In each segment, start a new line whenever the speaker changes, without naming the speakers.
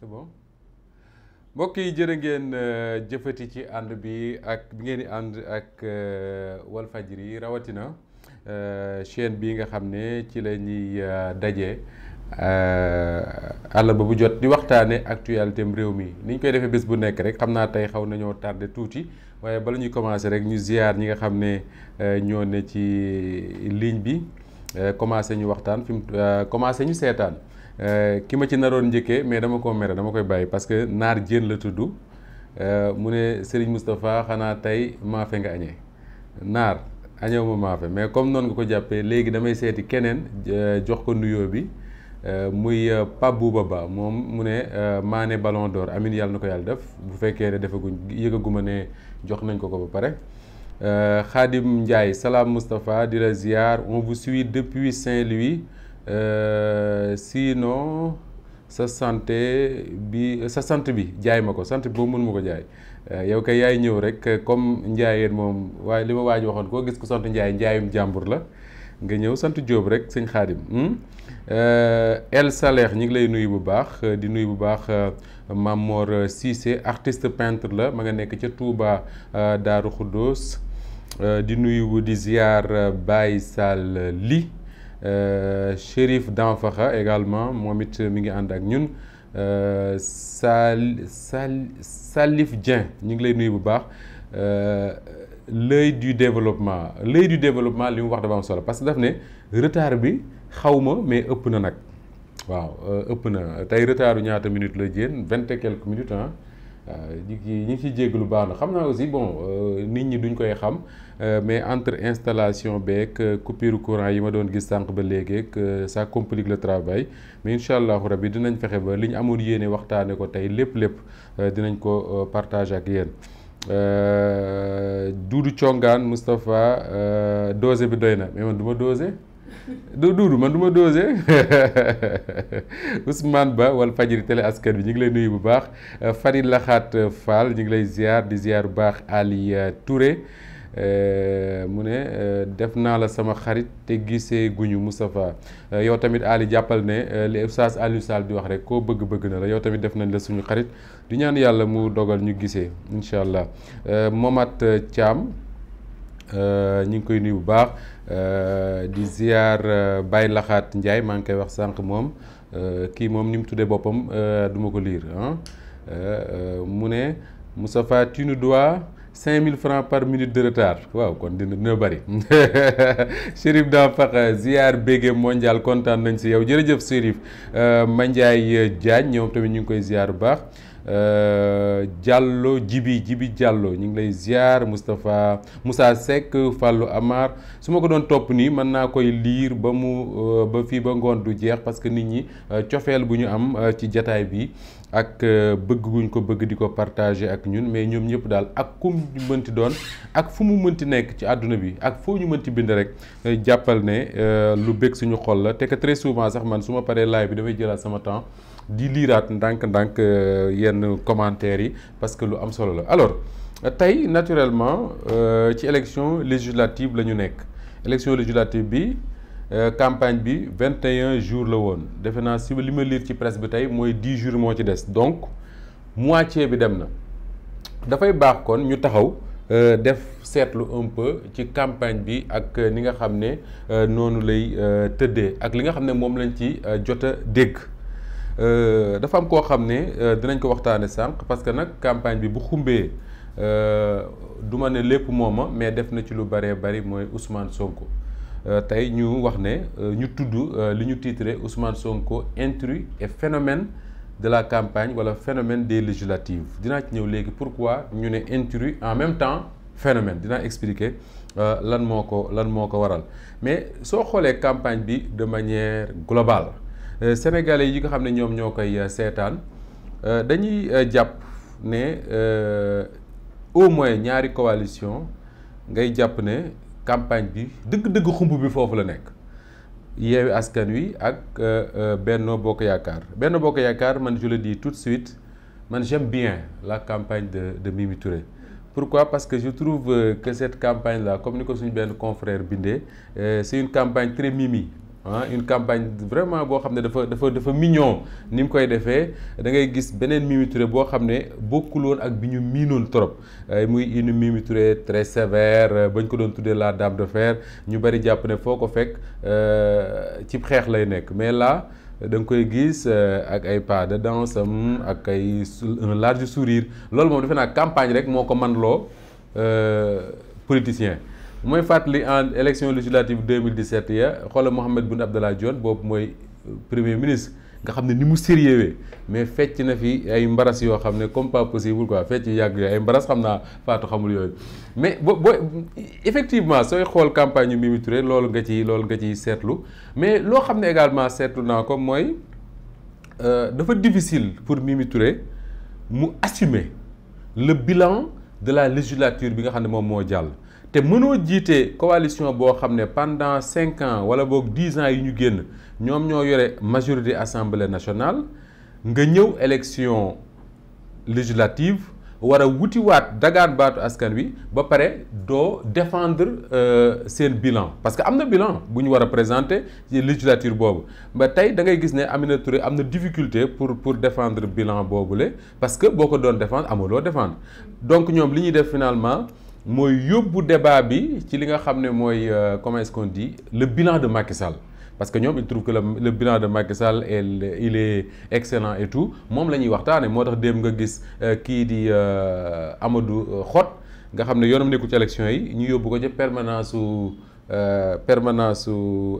c'est bon mbokk yi jërë ngeen euh, jëfati ci ànd bi ak bi ngeen di ànd ak euh, Walfadjri rawatina euh, chaîne bi nga xam ne ci la ñuy daje àll ba bu jot di waxtaanee actualité am réew mi ni ñu koy defee bés bu nekk rek xam naa tey xaw nañoo tardé tuuti waaye bala ñuy commencé rek ñu ziar ñi nga xam ne ñoo ne ci ligne bi commencé ñu waxtaan fim mu commencé ñu seetaan. Euh, ki ma ci naroon njëkkee mais dama koo mere dama koy bàyyi parce que naar jën la tudd euh, mu ne Serigne Moustapha xanaa tey maafe nga añee naar añew ma maafe mais comme noonu nga ko jàppee léegi damay seeti keneen euh, jox ko nuyoo bi muy Pape Bouba Ba moom mu ne Mané Ballon d'Or amin yàlla na ko yàlla def bu fekkee ne defaguñ yëgaguma ne jox nañ ko ko ba pare Khadim Ndiaye salaam Moustapha di la ziar on vous suit depuis Saint-Louis Euh, sinon sa santé bi sa sant bi jaay ma ko sant bi boobu ma ko jaay euh, yow kay yaay ñëw rek comme njaayeen moom waaye li ma waaj waxoon koo gis ko sant njaay njaayum jàmbur la nga ñëw sant Jóob rek sëñ Xaadim hmm? euh, El Saleh ñi ngi lay nuyu bu baax di nuyu bu baax Mamor Cissé artiste peintre la ma nga nekk ca Touba Daaru Xuddoos di nuyu di ziar Baye Sall li Euh, Chérif Danfaxa également moom it mi ngi ànd ak ñun euh, Sal Sal Salif Dieng ñu ngi lay nuyu bu baax euh, l'œil du développement l'œil du développement li mu wax dafa am solo parce que daf ne retard bi xaw ma mais ëpp na nag waaw ëpp na tey retardu ñaata minutes la jéen vingt et quelques minutes ah. Euh, ñu ngi ñu ngi ciy jéggalu baax na xam naa aussi bon euh, nit ñi duñ koy xam euh, mais entre installation beeg coupure courant yi ma doon gis sànq ba léegi ça complique le travail mais incha allahu rabbi dinañ fexe ba li ñu amul yéene waxtaane ko tey lépp lépp dinañ ko partage ak yéen Doudou Congaan Moustapha dosé bi doy na mais man du ma du duudu man du ma dosé Ousmane Ba wal fajiri tele askan bi ñu ngi lay nuyu bu baax euh, fari Laxaat euh, Fall ñu ngi lay ziar di ziar bu baax Ali euh, Touré mu ne def naa la sama xarit te gisee guñu mustafa yow tamit Ali jàppal ne li Oustaz Aliou Sall di wax rek ko bëgg-bëgg na la yow tamit def nañ la suñu xarit di ñaan yàlla mu dogal ñu gisee incha allah Momat Thiam ñu ngi koy nuyu bu baax. Euh, di ziar euh, Baye Laxaat Ndiaye maa ngi koy wax sànq moom euh, kii moom ni mu tuddee boppam du ma ko liir ah mu ne Moustapha tu nous dois mille francs par minute de retard waaw kon dina dina bëri Chérif Dampakh ziar bége mondial kontaan nañ si yow jërëjëf Chérif Mandiaye Diagne ñoom tamit ñu ngi koy ziar bu baax. Euh, Diallo Jibi Jibi Diallo ñu ngi lay ziar Moustapha Moussa Seck Fallou Amar su ma ko doon topp nii mën naa koy liir ba mu euh, ba fii ba ngoon du jeex parce que nit ñi euh, cofeel bu ñu am ci jataay bi ak bëgg guñ ko bëgg di ko partager ak ñun mais ñoom ñëpp daal ak ku ñu mënti doon ak fu mu mënti nekk ci àdduna bi ak foo ñu mënti bind rek jàppal ne lu bëgg suñu xol la te que très souvent sax man su ma paree live bi damay jëlaat sama temps di liiraat ndànk-ndànk euh, yenn commentaires yi parce que lu am solo la alors tey naturellement euh, ci élection législative la ñu nekk élection législative bi euh, campagne bi 21 jours la woon defe naa si li ma liir ci presse bi tey mooy 10 jours moo ci des donc moitié bi dem na dafay baax kon ñu taxaw def seetlu un peu ci campagne bi ak ni nga xam ne noonu lay tëddee ak li nga xam ne moom lañ ci jot a dégg. Euh, dafa am koo xam ne euh, dinañ ko waxtaane sànq parce que nag campagne bi bu xumbee euh, du ma ne lépp mooma mais def na ci lu baree bari mooy Ousmane Sonko tey ñu wax ne ñu tudd li ñu titré Ousmane Sonko intrus et phénomène de la campagne wala phénomène de législatives dinaa ci ñëw léegi pourquoi ñu ne intrus en même temps phénomène dinaa expliquer lan moo ko lan moo ko waral mais soo xoolee campagne bi de manière globale Euh, sénégalais yi nga xam ne ñoom ñoo koy euh, seetaan euh, dañuy jàpp ne au moins ñaari coalition ngay jàpp ne campagne bi dëgg-dëgg xumb bi foofu la nekk yeewi askan wi ak Benno Bokk Yaakaar Benno Bokk Yaakaar man je di tout de suite man j'aime bien la campagne de de Mimi Touré pourquoi parce que je trouve que cette campagne là comme ni ko suñu benn confrère bindee c'est une campagne très Mimi ah une campagne vraiment boo xam ne dafa dafa dafa mignon ni mu koy defee dangay gis beneen Mimi Touré boo xam ne bokkul ak bi ñu miinoon trop muy une Mimi Touré très sévère euh, bañ ko doon tuddee la dame de fer ñu bari jàpp ne foo ko fekk euh, cib xeex lay nekk mais la da nga koy gis euh, ak ay pas de danse ak ay un large sourire loolu moom defe naa campagne rek moo ko man loo politicien mooy fàttali en élection législative 2017 ya xoolal Mahammed Boun Abdallah Dionne boobu mooy euh, premier ministre nga xam ne ni mu sérieux mais fecc na fi ay mbaras yoo xam ne comme pas possible quoi fecc yàgg ay mbaras xam naa faatu xamul yooyu mais bo bo effectivement sooy xool campagne yu Mimi Touré loolu nga ci loolu nga ciy seetlu mais loo xam ne également seetlu naa ko mooy euh, dafa difficile pour Mimi Touré mu assumer le bilan de la législature bi nga xam ne moom moo jàll. te mënoo jiite coalition boo xam ne pendant cinq ans wala boog dix ans yi ñu génn ñoom ñoo yore majorité assemblée nationale nga ñëw élection législative war a wutiwaat dagaan baatu askan wi ba pare doo défendre euh, seen bilan parce que am na bilan bu ñu war a présenter ci législature boobu ba tey da ngay gis ne Aminata Touré am na difficulté pour pour défendre bilan le parce que boo ko doon défendre amuloo défendre donc ñoom li ñuy def finalement. mooy yóbbu débat bi ci li nga xam ne mooy euh, comment est-ce qu'on le bilan de Macky parce que ñoom il trouve que le, le bilan de Macky Sall il est excellent et tout moom la ñuy waxtaane moo tax dém nga gis euh, kii di euh, Amadou Hott nga xam ne yoonam nekku ci élection yi ñu yóbbu ko ca permanence su Euh, permanence su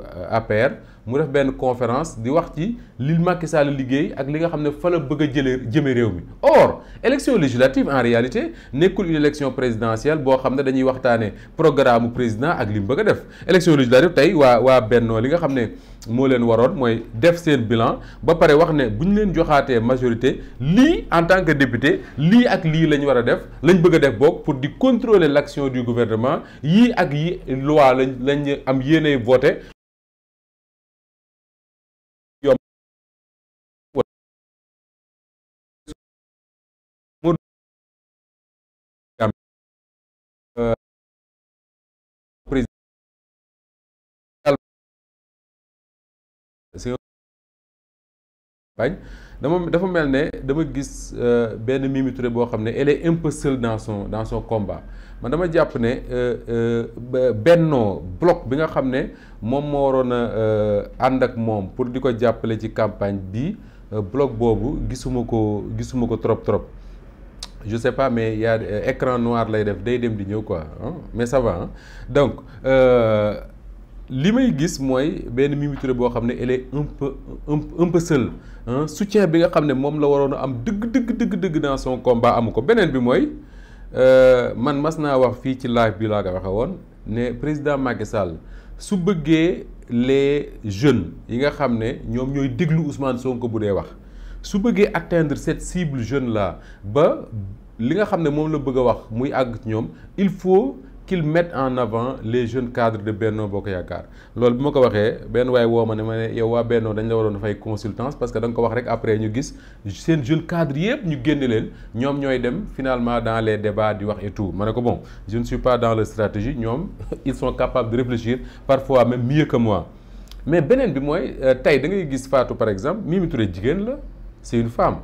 euh, APR mu def benn conférence di wax ci li Macky Sall liggéey ak li nga xam ne fa la bëgg a jëlee jëme réew mi or élection législative en réalité nekkul une élection présidentielle boo xam ne dañuy waxtaane programme président ak li mu bëgg a def élection législative tey waa waa bennoo li nga xam ne moo leen waroon mooy def seen bilan ba pare wax ne buñ leen joxaatee majorité lii en tant que député lii ak lii lañ ñu war a def lañ bëgg a def boog pour di contrôler l'action du gouvernement yii ak yi loi lañ lañ am yéenay voté parce dama dafa mel ne dama gis euh, benn Mimi boo xam ne elle est un peu seule dans combat man dama jàpp ne euh, euh, bennoo bloc bi nga xam ne moom moo waroon a ànd ak moom pour di ko jàppale ci campagne bi bloc boobu gisuma ko gisuma ko trop trop je sais pas mais y écran noir lay def day dem di ñëw quoi mais ça donc. li may gis mooy benn Mimi boo xam ne elle est un peu un soutien bi nga xam ne moom la waroon am dëgg dëgg dëgg dëgg dans son combat amu ko beneen bi mooy euh, man mas naa wax fii ci live bi laa ko waxe woon ne président Macky Sall su bëggee les jeunes yi nga xam ne ñoom ñooy déglu Ousmane Sonko bu dee wax su bëggee atteindre cette cible jeune là ba li nga xam ne moom la bëgg a wax muy àgg ñoom il faut qu'il mette en avant les jeunes cadres de Benno Bokk Yaakaar loolu bi ma ko waxee benn waaye woo ma ne ma ne yow waa Benno dañ la waroon dafay consultance parce que da nga ko wax rek après ñu gis seen jeunes cadres yëpp ñu génne leen ñoom ñooy dem finalement dans les débats di wax et tout ma ne ko bon je ne suis pas dans leur stratégie ñoom ils sont capables de réfléchir parfois même mieux que moi mais beneen bi mooy euh, tey da ngay gis Fatou par exemple Mimi jigéen la c'est une femme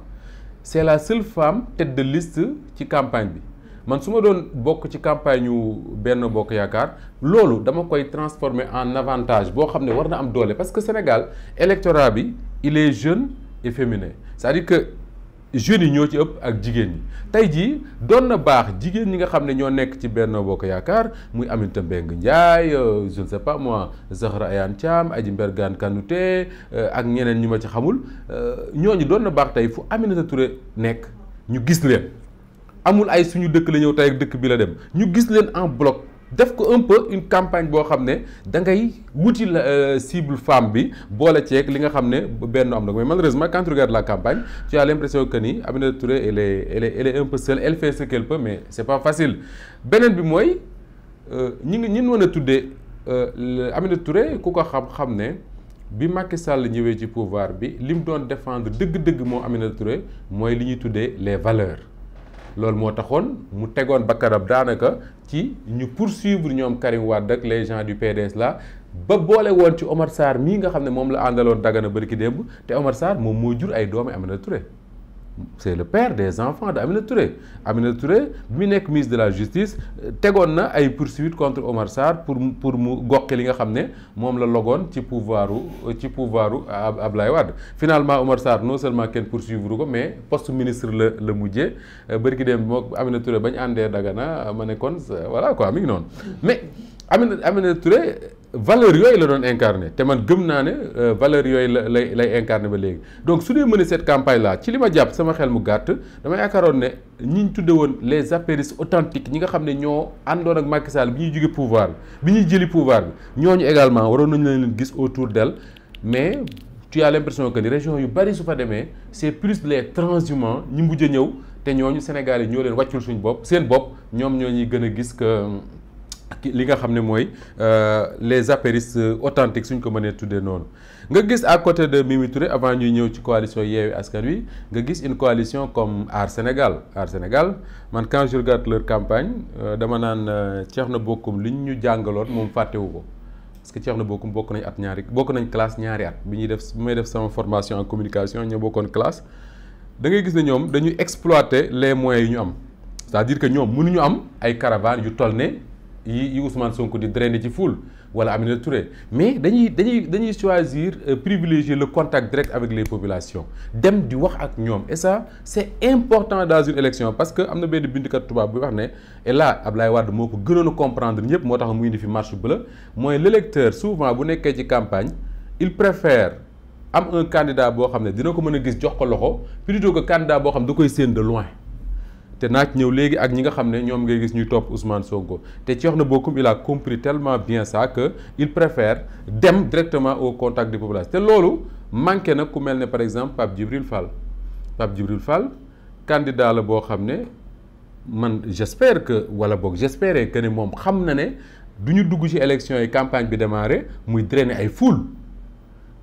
c'est la seule femme tête de liste ci campagne bi man su ma doon bokk ci campagne yu benn bokk yaakaar loolu dama koy transformer en avantage boo xam ne war na am doole parce que Sénégal électorat bi il est jeune et féminin cest di que jeunes yi ñoo ci ëpp ak jigéen ñi tey jii doon na baax jigéen ñi nga xam ne ñoo nekk ci Benno Bokk Yaakaar muy Aminata Mbengue Ndiaye euh, je ne sais pas moi Zahra Iyane Thiam Adji Mbergane Kanouté euh, ak ñeneen ñu ma ci xamul euh, ñoo ñu doon na baax tey fu Aminata Touré nekk ñu gis leen. amul ay suñu dëkk la ñëw tey ak dëkk bi la dem ñu gis leen en bloc def ko un peu une campagne boo xam ne da ngay wuti euh, cible femme bi boole ceeg li nga xam ne benn am na mais malheureusement ma tu regardes la campagne ci as l'impression que ni Aminata Touré elle est elle est elle est un peu seule elle fait ce mais c'est pas facile beneen bi mooy euh, ñi ngi ñun mën a tuddee euh, Aminata Touré ku ko xam-xam ne bi Macky Sall ñëwee ci pouvoir bi li mu doon defendre dëgg-dëgg moom Aminata Touré mooy li ñuy tuddee les valeurs loolu moo taxoon mu tegoon bakkanam daanaka ci ñu pour poursuivre ñoom Karim Wade ak les gens du la ba boole woon ci Omar Sarr mii nga xam ne moom la àndaloon Dagana bërki démb te Omar Sarr moom moo jur ay doomi Aminata Touré c'est le père des enfants de Aminata Touré Aminata Touré bi mu nekk ministre de la justice tegoon na ay poursuites contre Omar Sarr pour pour mu gokke li nga xam ne moom la logoon ci pouvoiru ci pouvoiru Ablaye Wade finalement Omar Sarr non seulement kenn poursuivre ko mais poste ministre la la mujje euh, bërki dem moo Aminata Touré bañ àndee Dagana ma ne kon euh, voilà quoi mi noonu mais valeur yooyu la doon incarné te man gëm naa ne euh, valeur yooyu la lay lay incarné ba léegi donc su dee mënee cette campagne là ci li ma jàpp sama xel mu gàtt dama yaakaaroon ne ñi ñu tudde woon les apéristes authentiques ñi nga xam ne ñoo àndoon ak Macky Sall bi ñuy jóge pouvoir bi ñuy jëli pouvoir bi ñooñu également waroon nañu leen gis autour d'elle mais tu as l'impression que ni région yu bari su fa demee c'est plus les transhumants ñi mujj ñëw te ñooñu Sénégal yi ñoo leen wàccul suñu bopp seen bopp ñoom ñoo ñuy gën a gis euh, ak li nga xam ne mooy euh, les apéristes authentiques suñ ko mënee tuddee noonu nga gis à côté de Mimi avant ñuy ñëw ci coalition Yewwi Askan Wi nga gis une coalition comme Aar Sénégal Aar Sénégal man quand je leur campagne euh, dama naan euh, na Bocoum li ñu jàngaloon moom fàttewu ko parce que na Bocoum bokk nañ at ñaari bokk nañ classe ñaari at bi ñuy def bi may def sama formation en communication ñoo bokkoon classe da ngay gis ne ñoom dañuy exploiter les moyens yu ñu am c'est-à-dire que ñoom mënuñu am ay caravanes yu toll ne yi yi Ousmane Sonko di drainer ci foule wala Aminata Touré mais dañuy dañuy dañuy choisir euh, privilégier le contact direct avec les populations dem di wax ak ñoom et ça c'est important dans une élection parce que am na benn bindikat tubaab bi wax ne et là Ablaye Wade moo ko gënoon a comprendre ñëpp moo tax mu indi fi marche bleue mooy l'électeur souvent bu nekkee ci campagne il préfère am un candidat boo xam ne dina ko mën a gis jox ko loxo plutôt ko candidat boo xam ne da koy séen de loin. te naa ci ñëw léegi ak ñi nga xam ne ñoom ngay gis ñuy topp Ousmane Sonko te Thierno Bocoum il a compris tellement bien ça que il préfère dem directement au contact des populations te loolu manqué na ku mel ne par exemple Pape Djibril Fall Pape Djibril Fall candidat la boo xam ne man j'espère que wala boog j'espère que ne moom xam na ne du ñu dugg ci élection yi campagne bi démarré muy drainer ay foule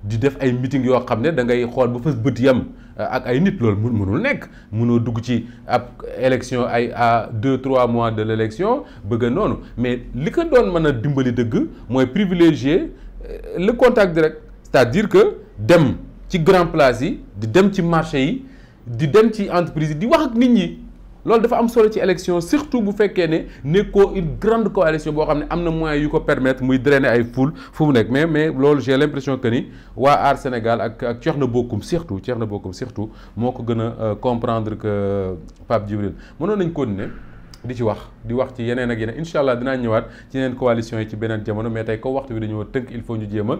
di def ay meeting yoo xam ne da ngay xool ba fës bët yam Euh, ak ay nit loolu mënul nekk mënoo dugg ci ab élection ay à deux trois mois de l'élection bëgg noonu mais li ko doon mën a dimbali dëgg mooy privilégier euh, le contact direct c'est-à-dire que dem ci grand place yi di dem ci marché yi di dem ci entreprise yi di wax ak nit ñi loolu dafa am solo ci élection surtout bu fekkee ne nekkoo une grande coalition boo xam ne am na moyens yu ko permettre muy drainer ay foule fu mu nekk mais mais loolu j'ai l'impression que ni waa aar Sénégal ak ak Thierno Bocoum surtout Thierno Bocoum surtout moo ko gën a euh, comprendre que euh, Pape Djibril mënoon nañ ko ne di ci wax di wax ci yeneen ak yeneen incha allah dinaa ñëwaat ci yeneen coalition yi ci beneen jamono mais tey ko waxtu bi dañoo tënk il faut ñu jéem a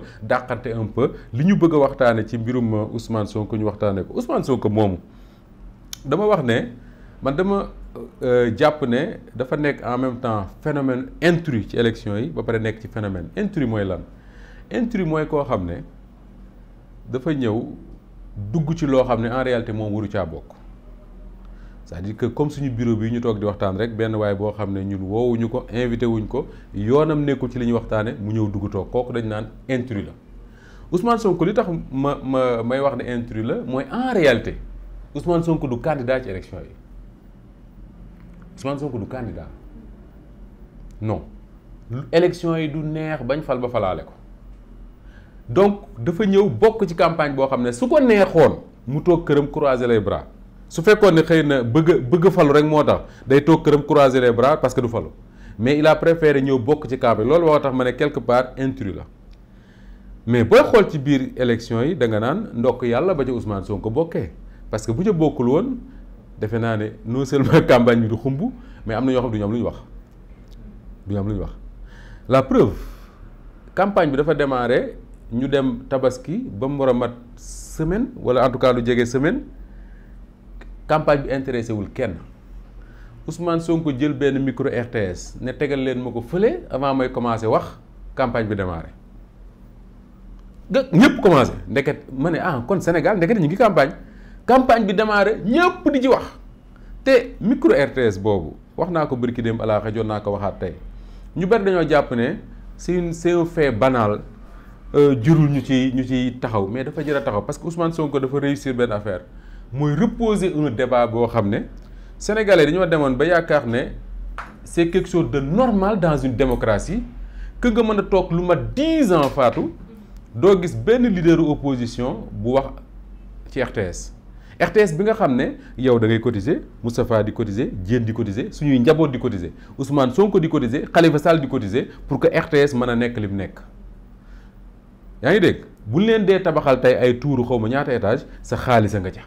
li ñu bëgg a waxtaane ci mbirum euh, Ousmane Sonko ñu waxtaanee ko Ousmane Sonko moomu dama wax ne. man dama euh, jàpp ne dafa nekk en même temps phénomène intrus ci élection yi ba pare nekk ci phénomène intrus mooy lan intrus mooy koo xam ne dafa ñëw dugg ci loo xam ne en réalité moom waru caa bokk c'est-à-dire que comme suñu bureau bi ñu toog di waxtaan rek benn waaye boo xam ne ñun woowuñu ko invité wuñ ko yoonam nekkul ci li ñuy waxtaane mu ñëw dugg toog kooku dañu naan intrus la Ousmane Sonko li tax ma ma may wax ne intrus la mooy en réalité Ousmane Sonko du candidat ci élection yi Ousmane Sonko du candidat non élection yi du neex bañ fal ba falaale ko donc dafa ñëw bokk ci campagne boo xam ne su ko neexoon mu toog këram croiser les bras su fekkoon ne xëy na bëgg bëgg falu rek moo tax day toog këram croiser les bras parce que du falu mais il a préféré ñëw bokk ci campagne loolu moo tax ma ne quelque part intrus la mais booy xool ci biir élection yi da nga naan ndokk yàlla ba ca Ousmane ko bokkee parce que bu ca bokkul woon. defe naa ne non seulement campagne bi du xumb mais am na ñoo xam duñu am ñu wax duñu am lu wax la preuve campagne bi dafa démarré ñu dem tabaski ba mu war a mat semaine wala en tout cas lu jege semaine campagne bi intéressé wul kenn Ousmane ko jël benn micro RTS ne tegal leen ma ko fële avant may commencé wax campagne bi démarré nga ñëpp commencé ndeket ma ne ah kon Sénégal ndeket ñu ngi campagne. campagne bi démarré ñëpp di ci wax te micro RTS boobu wax naa ko bërki démb alaa xajoon naa ko waxaat tey ñu bari dañoo jàpp ne c'est une c'est un fait banal euh, jurul ñu ci ñu ci taxaw mais dafa jëra taxaw parce que Ousmane Sonko dafa réussir benn affaire mooy reposer un débat boo xam ne sénégalais dañoo demoon ba yaakaar ne c'est quelque chose de normal dans une démocratie kë nga mën a toog lu ma dix ans faatu doo gis benn leader opposition bu wax ci RTS RTS bi nga xam ne yow da ngay cotiser Moustapha di cotiser Diène di cotiser suñuy njaboot di cotiser soo ko di cotiser Khalifa Sall di cotiser pour que RTS mën a nekk li mu nekk. yaa ngi dégg bu leen dee tabaxal tey ay tuuru xaw ma ñaata étage sa xaalis a nga ca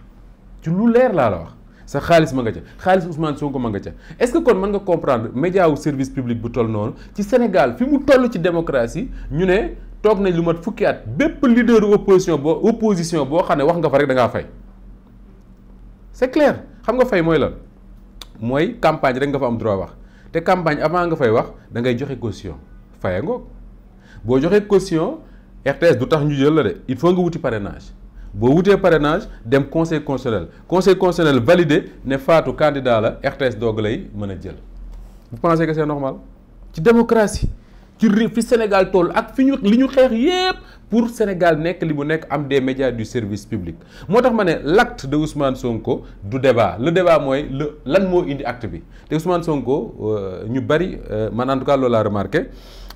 ci lu leer laa la wax sa xaalis ma nga ca xaalis Ousmane Sonko ma nga ca est-ce que kon mën nga comprendre média u service public bu toll noonu ci Sénégal fi mu toll ci démocratie ñu ne toog nañ lu mat fukki at bépp leader opposition boo opposition boo xam ne wax nga fa rek da c'est clair xam nga fay mooy lan mooy campagne rek nga fa am droit wax te campagne avant nga fay wax da ngay joxe caution faye ngoog boo joxee caution RTS du tax ñu jël la de il faut nga wuti parrainage boo wutee parrainage dem conseil constitutionnel conseil constitutionnel validé ne faatu candidat la RTS doog lay mën a jël. vous pensez que c'est normal ci démocratie ci réew fi Sénégal toll ak fi ñu li ñu xeex yépp pour Sénégal nekk li mu nekk am de médias du service public moo tax ma ne l'acte de Ousmane Sonko du débat le débat mooy le lan moo indi act bi te Ousmane Sonko euh, ñu bari euh, man en tout cas loolu remarqué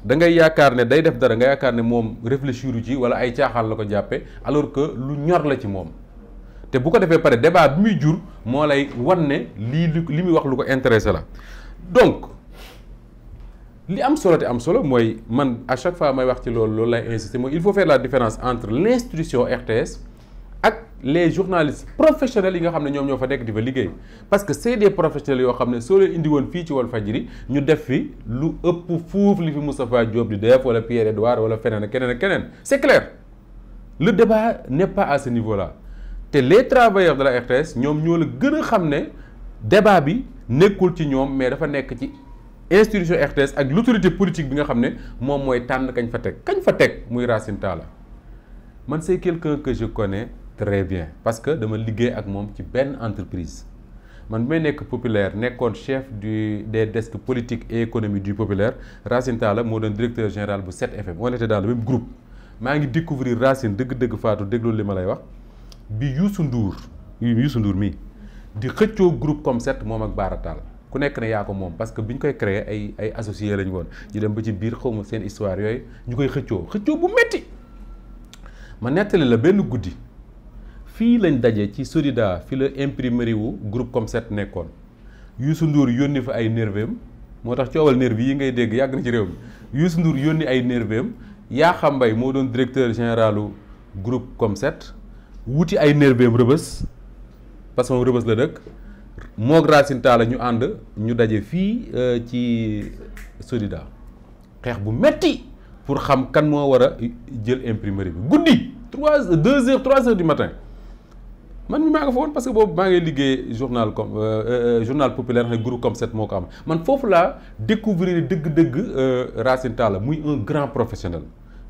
da ngay yaakaar ne day def dara nga yaakaar ne moom réfléchir ci wala ay caaxaan la ko jàppe alors que lu ñor la ci moom te bu ko defee pare débat bi muy jur moo lay wan ne lii li muy wax lu ko intéressé la donc. li am solo te am solo mooy man à chaque fois may wax ci loolu loolu lay insister mooy il faut faire la différence entre l' institution RTS ak les journalistes professionnels yi nga xam ne ñoom ñoo fa nekk di fa liggéey parce que c'est des professionnels yoo xam ne soo leen indi woon fii ci Walfadjri ñu def fi lu ëpp fuuf li fi Moustapha Diop di def wala Pierre Edouard wala feneen ak keneen ak keneen c'est clair le débat n'est pas à ce niveau là te les travailleurs de ñoom ñoo la gën a xam ne débat bi nekkul ci ñoom mais dafa nekk ci institution RTS ak l'autorité politique bi nga xam ne moom mooy tànn kañ fa teg kañ fa teg muy Racine Talla man c'est quelqu'un que je ne très bien parce que dama liggéey ak moom ci benn entreprise man bi may nekk populaire nekkoon chef du des desks politique et économie du populaire Racine Talla moo doon directeur général bu 7FM on était dans le même maa ngi découvrir Racine dëgg-dëgg Fatou déglu li ma lay wax bi yuusu nduur Youssou Ndour mii di xëccoo groupe comme 7 moom ak Bara ku nekk ne yaa ko moom parce que bi ñu koy créer ay ay associé lañu woon ñu dem ba ci biir ma seen histoire yooyu ñu koy xëccoo xëccoo bu metti ma nettali la benn guddi fii lañ daje ci Solida fi la imprimerie wu comme Comset nekkoon Youssou nduur yónni fa ay nerveem moo tax coowal nerve yi ngay dégg yàgg na ci réew mi Youssou nduur yónni ay nerveem xam mbay moo doon directeur généralu groupe Comset wuti ay nerveem rëbës parce que moom rëbës la dëkk moog Racine Talla ñu ànd ñu daje fii euh, ci Sodida xeex bu metti pour xam kan moo war a jël imprimerie bi guddi trois deux heures trois heures du matin man mi maa nga fa woon parce que boobu maa ngi liggéey journal comme euh, euh, journal populaire xam ne groupe comme set moo ko am man foofu laa découvrir dëgg-dëgg Racine Talla muy un grand professionnel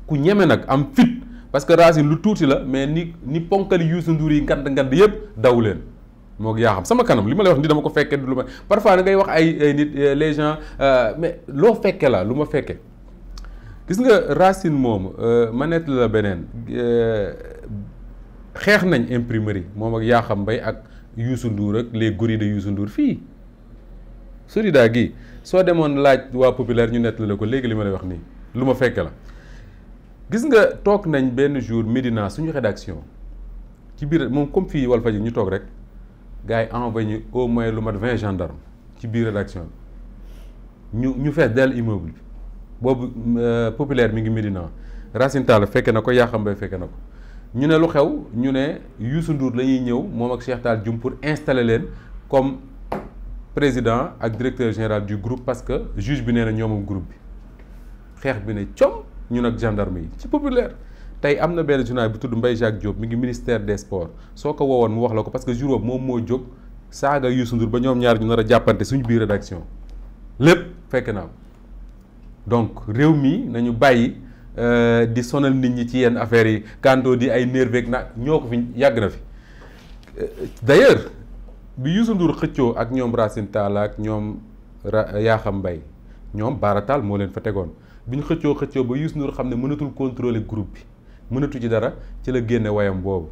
ku ñeme nag am fit parce que Racine lu tuuti la mais ni ni ponkali Youssou nduur yi ngand ngand yëpp daw leen moo yaa xam sama kanam li ma lay wax ni dama ko fekkee lu ma parfois da ngay ay euh, les gens euh, mais loo fekke la lu ma fekke gis nga racine moom euh, ma nett la beneen xeex nañ imprimerie moom ak yaa xam mbay ak Youssou Ndour ak les gorilles de Youssou Ndour fii Sorida gi soo demoon laaj waa populaire ñu nett la ko léegi li ma lay wax nii lu ma fekke la gis nga toog nañ benn jour Médina suñu rédaction ci biir moom comme fii Walfadjri ñu toog rek gars yi envoyé au moins lu mat vingt gendarme ci biir rédaction bi ñu ñu fees dell immeuble bi boobu euh, populaire mi ngi Médina Racine Talla fekke na ko Yaxambaye fekke na ko ñu ne lu xew ñu ne Youssou Ndour la ñuy ñëw moom ak Cheikh Tall Dioum pour installer leen comme président ak directeur général du group parce que juge bi nee na ñoomam groupe bi xeex bi ne com ñun ak gendarme yi ci populaire tey am na benn journal bu tudd Mbaye Jacques Diop mi ngi ministère des sports soo ko woowoon mu wax la ko parce que jour boobu moom moo jóg saaga Youssou Ndour ba ñoom ñaar ñu nar a jàppante suñu biir rédaction lépp fekk naa donc réew mi nañu bàyyi euh, di sonal nit ñi ci yenn affaires yi kanto di ay nerveeg na ñoo ko fi yàgg na fi euh, d'ailleurs bi Youssou ndur xëccoo ak ñoom Racine Tall ak ñoom yaa xam mbay ñoom Bara moo leen fa tegoon bi ñu xëccoo xëccoo ba Youssou Ndour xam ne mënatul contrôler groupe bi mënatu ci dara ci la génne woyam boobu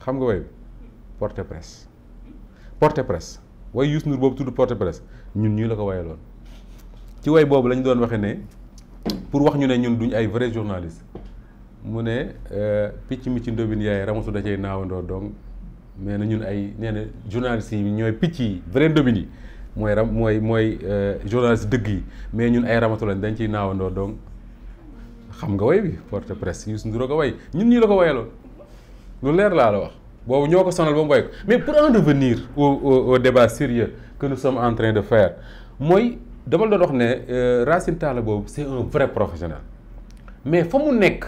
xam nga way porte presse porte press way Youssou Ndour boobu tudd porte presse ñun ñii la ko wayaloon ci way boobu lañu doon waxee ne pour wax ñu ne ñun duñ ay vrai journaliste mu ne euh, picc mi ci ndobin yaay ramatu da cay naawandoo donc mais na ñun ay nee na journaliste yi ñooy picc yi vrai ndobin yi mooy ram mooy mooy euh, journaliste dëgg yi mais ñun ay ramatu lañ dañ ciy naawandoo dong xam nga way bi porte presse Youssou Ndour a ko way ñun ñi la ko wayaloon lu leer laa la wax boobu ñoo ko sonal ba mu way ko mais pour en revenir au, au, au débat sérieux que nous sommes en de faire mooy dama doon wax ne euh, Racine Talla boobu c'est un vrai professionnel mais fa mu nekk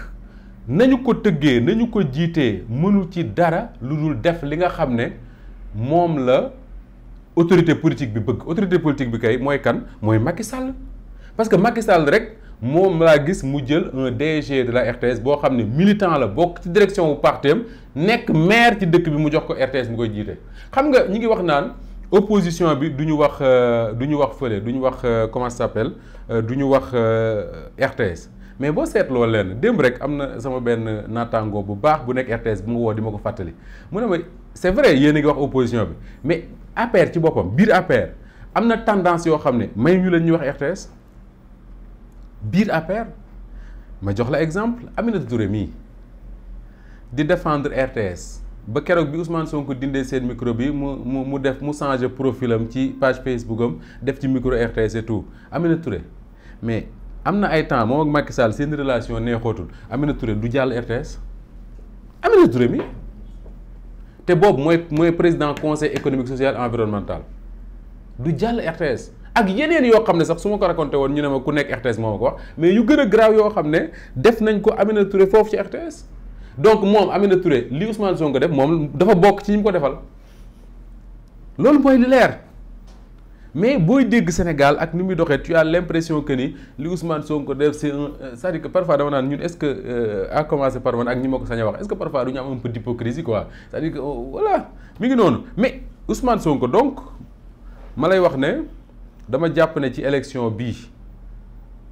nañu ko tëggee nañu ko jiitee mënu ci dara lu dul def li nga xam ne moom la autorité politique bi bëgg autorité politique bi kay mooy kan mooy Macky Sall parce que Macky Sall rek moom laa gis mu jël un DG de la RTS boo xam ne militant la bokk ci direction bu partem nekk mair ci dëkk bi mu jox ko RTS mu koy jiite. xam nga ñi ngi wax naan opposition bi du ñu wax euh, du ñu wax fële du ñu wax euh, commence ça s'appelle euh, du ñu wax RTS. mais boo seetloo leen démb rek am na sama benn naataango bu baax bu nekk RTS bu ma woo di ma ko fàttali mu ne ma c'est vrai yéen a ngi wax opposition bi mais APR ci boppam biir APR am na tendance yoo xam ne may ñu leen ñuy wax RTS. biir APR ma jox la exemple Aminata Touré mii di defendre RTS ba keroog bi Ousmane Sonko dindee seen micro bi mu mu def mu changé profil am ci page Facebook am def ci micro RTS et tout Aminata Touré mais am na ay temps moom ak Macky Sall seen relation neexootul Aminata Touré du jàll RTS Aminata Touré mi te boobu mooy mooy président conseil économique social environnemental du jàll RTS. ak yeneen yoo xam ne sax su ma ko raconté woon ñu ne ma ku nekk RTS moo ma ko wax mais a ne def nañ ko Amina Touré foofu ci RTS donc moom Amina Touré li Ousmane Sonko def moom dafa bokk ci ñi mu ko defal loolu mooy li leer mais booy dégg Sénégal ak ni muy doxee tu as l'impression que ni li Ousmane Sonko def c'est un c'est-à-dire naan ñun est-ce que euh, à par man ma ko sañ a wax est-ce que parfois du ñu am un peu d'hypocrisie quoi c'est-à-dire oh, ngi noonu mais Ousmane Sonko donc ma lay wax ne. dama jàpp ne ci élection bii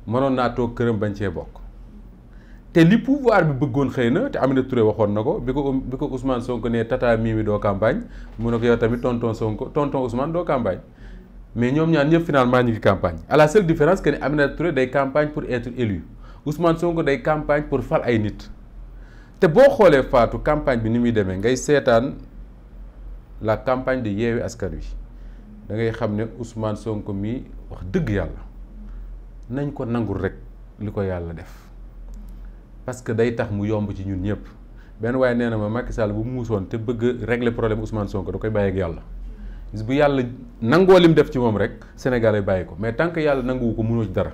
mënoon naa toog këram bañ cee bokk te li pouvoir bi bëggoon xëy na te Aminata Touré waxoon na ko bi ko bi ko Ousmane Sonko ne tata mi doo campagne mu ne ko yow tamit tonton Sonko tonton doo campagne mais ñoom ñaan ñëpp maa ñu ngi campagne à la seule différence que ne Aminata Touré day campagne pour être élu Ousmane Sonko day campagne pour fal ay nit te boo xoolee faatu campagne bi ni muy demee ngay seetaan la campagne de Yewwi Askan Wi da ngay xam ne Ousmane Sonko mii wax dëgg yàlla nañ ko nangul rek li ko yàlla def parce que day tax mu yomb ci ñun ñëpp benn waaye nee na ma Macky Sall bu mu muusoon te bëgg a régler problème Ousmane Sonko da koy bàyyi yàlla. bu yàlla nangoo lim def ci moom rek Sénégalais bàyyi ko mais tant que yàlla nanguwu ko mënoo ci dara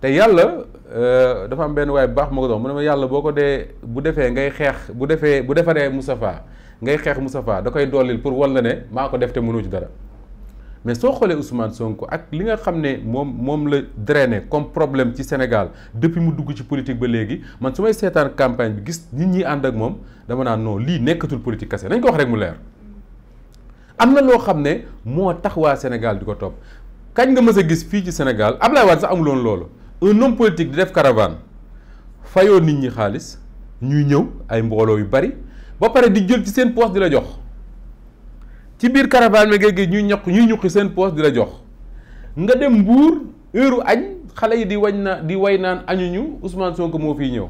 te yàlla euh, dafa am benn waaye baax ma ko doon mu ne ma yàlla boo ko dee bu defee ngay xeex bu defee bu defaree Moustapha ngay xeex Moustapha da koy dollil pour wan la ne maa ko def te mënoo ci dara. mais soo xoolee Ousmane Sonko ak li nga xam ne moom moom la drainé comme problème ci Sénégal depuis mu dugg ci politique ba léegi man su may seetaan campagne bi gis nit ñi ànd ak moom dama naa non lii nekkatul politique kese nañ ko wax rek mu leer. am na loo xam ne moo tax waa Sénégal di ko topp kañ nga mës a gis fii ci Sénégal Ablaye Wade sax amuloon loolu un homme politique di def caravane fayoo nit ñi xaalis ñuy ñëw ay mbooloo yu bari ba pare di jël ci seen poche di la jox. ci biir caravane bi ngay ñu ñuy ñaq ñuy ñuqi seen poste di la jox nga dem mbuur heure añ xale yi di wañ na di way naan añuñu Ousmane Sonko moo fiy ñëw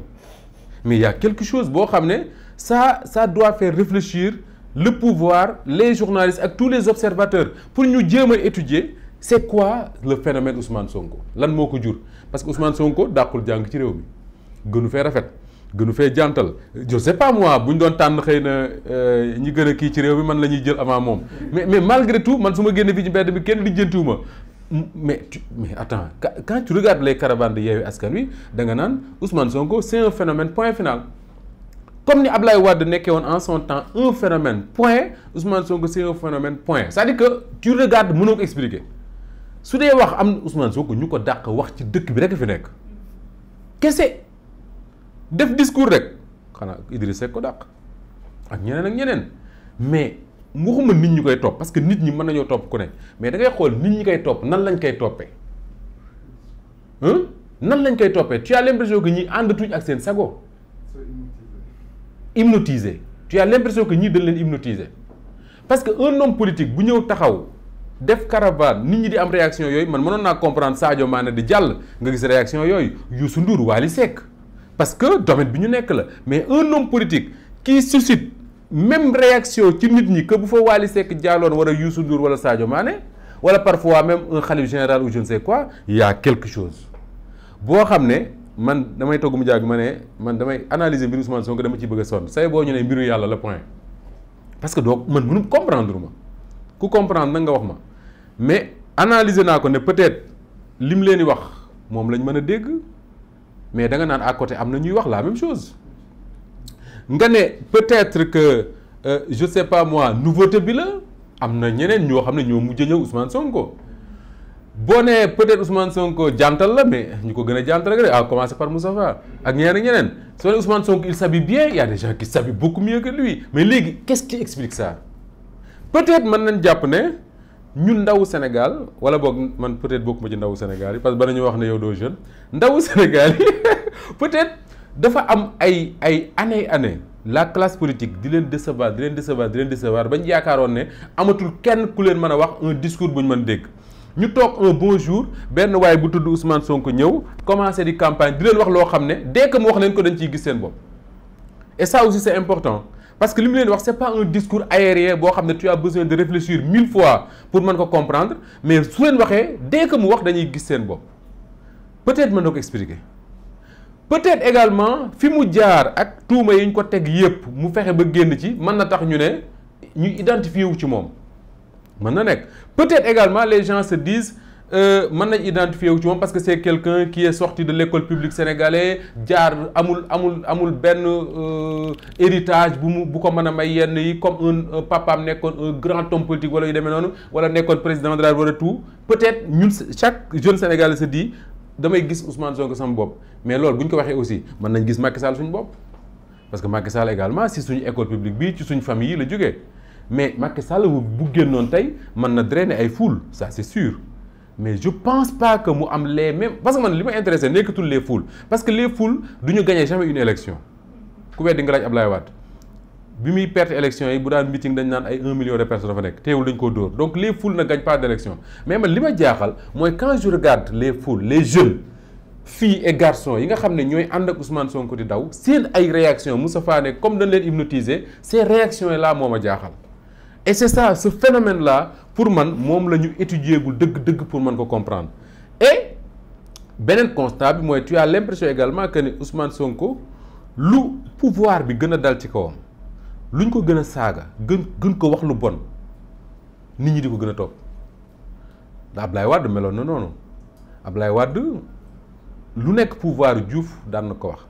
mais il y quelque chose boo xam ne ça sa doit faire réfléchir le pouvoir les journalistes ak tous les observateurs pour ñu jéem a étudier c'est quoi le phénomène Ousmane Sonko lan moo ko jur parce que Ousmane Sonko dàqul jàng ci réew mi gënu fa rafet. gënu fee jantal je sais pas moi bu ñu doon tànn xëy na euh, ñi gën a kii ci réew mi man la ñuy jël avant moom mais mais malgré tout man su ma génne fii ci mbedd bi kenn lijjantiwuma mais tu mais attends quand tu regardes les caravanes de Yewwi Askan Wi da nga naan Ousmane Sonko c'est un phénomène point final comme ni Ablaye Wade nekkee woon en son temps un phénomène point Ousmane Sonko c'est un phénomène point c'est-à-dire que tu regardes mënoo ko expliquer su dee wax am na Ousmane Sonko ñu ko dàq wax ci dëkk bi rek fi nekk def discours rek xanaa Idriss Seck ko dàq ak ñeneen ak ñeneen mais waxuma nit ñi koy topp parce que nit ñi mën nañoo topp ku ne mais da xool nit ñi koy topp nan lañ koy toppee nan lañ koy toppee tu as l'impression ñii ñi àndatuñ ak seen sago hypnotisé tu as l'impression que ñii dañ leen hypnotisé parce que un homme politique bu ñëw taxaw def caravane nit ñi di am réaction yooyu man mënoon naa comprendre Sadio Mané di jàll nga gis réaction yooyu Youssou Ndour Wally Seck parce que domaine bi ñu nekk la mais un homme politique qui suscite même réaction ci nit ñi que bu fa Waly Seck jaaloon wala Youssou Ndour wala Sadio Mané wala parfois même un khalife général ou je ne sais quoi il quelque chose boo xam ne man damay togg mu jàgg ma ne man damay analyser mbiru Ousmane Sonko dama ci bëgg a sonn say boo ñu ne mbiru yàlla la point parce que donc man mënu comprendre ma ku comprendre nag nga wax ma mais analyser naa ko ne peut-être lim leen di wax moom lañ mën a dégg mais da nga naan à côté am na ñuy wax la même chose nga ne peut-être que euh, je sais pas mois nouveauté bi la am na ñeneen ñoo xam ne ñoo mujj ñëw Ousmane Sonko boo nee peut-être Ousmane Sonko jantal la mais ñu ko gën a jantal rek à commencer par Moustapha ak ñeneen ak ñeneen soo ne Ousmane Sonko il s'habille bien il y a des gens qui s'habillent beaucoup mieux mais léegi qu'est-ce qui explique ça peut-être mën nañ jàpp ne. ñun ndawu Sénégal wala boog man peut-être bokkuma ci ndawu Sénégal yi parce que ba nañu wax ne yow doo jeune ndawu Sénégal yi peut dafa am ay ay année année la classe politique di leen décevoir di leen décevoir di leen bañ yaakaaroon ne amatul kenn ku leen mën a wax un discours bu ñu mën dégg. ñu toog un bon jour benn waaye bu tudd Ousmane Sonko ñëw commencé di campagne di leen wax loo xam ne dès que mu wax leen ko dañ ciy gis seen bopp et ça aussi c'est important parce que li mu leen wax c'est pas un discours aérien boo xam ne tu as besoin de réfléchir mille fois pour man ko comprendre mais su leen waxee dès ko mu wax dañuy gis seen bopp peut-être mën na ko expliquer. peut-être également fi mu jaar ak tuuma yi ñu ko teg yépp mu fexe ba génn ci mën na tax ñu ne ñu identifié wu ci moom mën na nekk peut-être également les gens se Euh, mën nañ identifier wu parce que c'est quelqu'un qui est sorti de l'école publique sénégalaise jaar amul amul amul benn euh, héritage bu mu bu ko mën a may yenn yi comme un papaam nekkoon un grand homme politique wala yu demee noonu wala nekkoon président de la République tout peut-être ñun chaque jeune sénégalais se dit damay gis Ousmane Sonko sama bopp mais loolu bu ñu ko waxee aussi mën nañ gis Macky Sall suñu bopp parce que Macky Sall également si suñu école publique bi ci suñu famille la jógee mais Macky Sall bu génnoon tey mën na drainer ay foule ça c'est sûr mais je pense pas que mu am les mêmes parce que man li ma intéressé nekkatul les foules parce que les foules du ñu gagné jamais une élection ku weddi nga laaj Ablaye Wade bi muy perte élection yi bu daan meeting dañ naan ay 1 million de personnes dafa nekk teewul dañ ko dóor donc les foules ne gagnent pas d'élection mais man li ma jaaxal mooy quand je regarde les foules les jeunes filles et garçons yi nga xam ne ñooy ànd ak Ousmane Sonko di daw seen ay réaction Moussa Fane comme dañ leen hypnotiser ces réactions yi laa moo et c'est ça ce phénomène là pour man moom la ñu étudier gul dëgg-dëgg pour man ko comprendre et beneen constat bi mooy tu as l'impression également que ni Ousmane Sonko lu pouvoir bi gën a dal ci kawam luñ ko gën a saaga gën gën ko wax lu bon nit ñi di ko gën a topp ndax lay Wade meloon na noonu ab lay Wade lu nekk pouvoir juuf daan na ko wax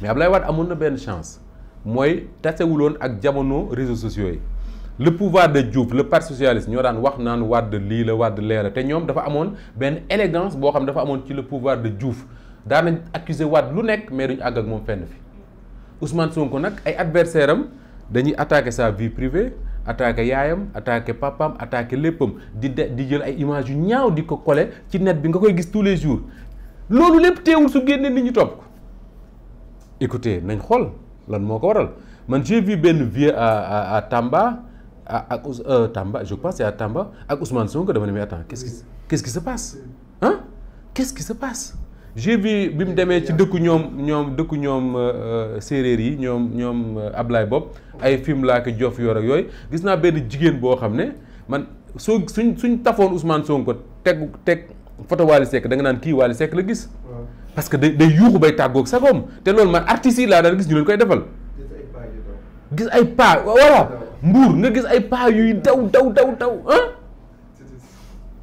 mais lay Wade amoon na benn chance. mooy tasewuloon ak jamono réseau sociaux yi le pouvoir de Diouf la parti socialiste ñoo daan wax naan wàdd lii la wàdd leer la te ñoom dafa amoon benn élégance boo xam dafa amoon ci le pouvoir de Diouf daanañ accuser wàdd lu nekk mais duñ àgg ak moom fenn fi Ousmane Sonko nag ay adversaire am dañuy attaquer sa vie privée attaqué yaayam attaqué papam attaqué léppam di de di jël ay images yu ñaaw di ko collé ci net bi nga koy gis tous les jours loolu lépp teewul su génnee nit ñi topp ko écoutez nañ xool lan moo ko waral man j'ai vu benn vieux à à Tamba ak euh, Tamba je pense c'est Tamba ak Ousmane Sonko dama ne mais attends qu'est-ce qui qu'est-ce qui se passe ah qu'est-ce qui se passe j'ai bi mu demee ci dëkku ñoom ñoom dëkku ñoom euh, euh, séeréer yi ñoom ñoom Ablaye Bopp ay film laa ko jof yooyu gis naa benn jigéen boo xam ne man soo suñ suñ tafoon Ousmane Sonko teg teg photo Wally Seck da nga naan kii Wally Seck la gis parce que day day yuuxu bay tàggoog sagoom te loolu man artistes yi laa daan gis ñu leen koy defal. gis ay pas voilà mbuur nga gis ay pas yuy daw daw daw daw ah.